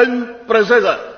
Pan prezydent.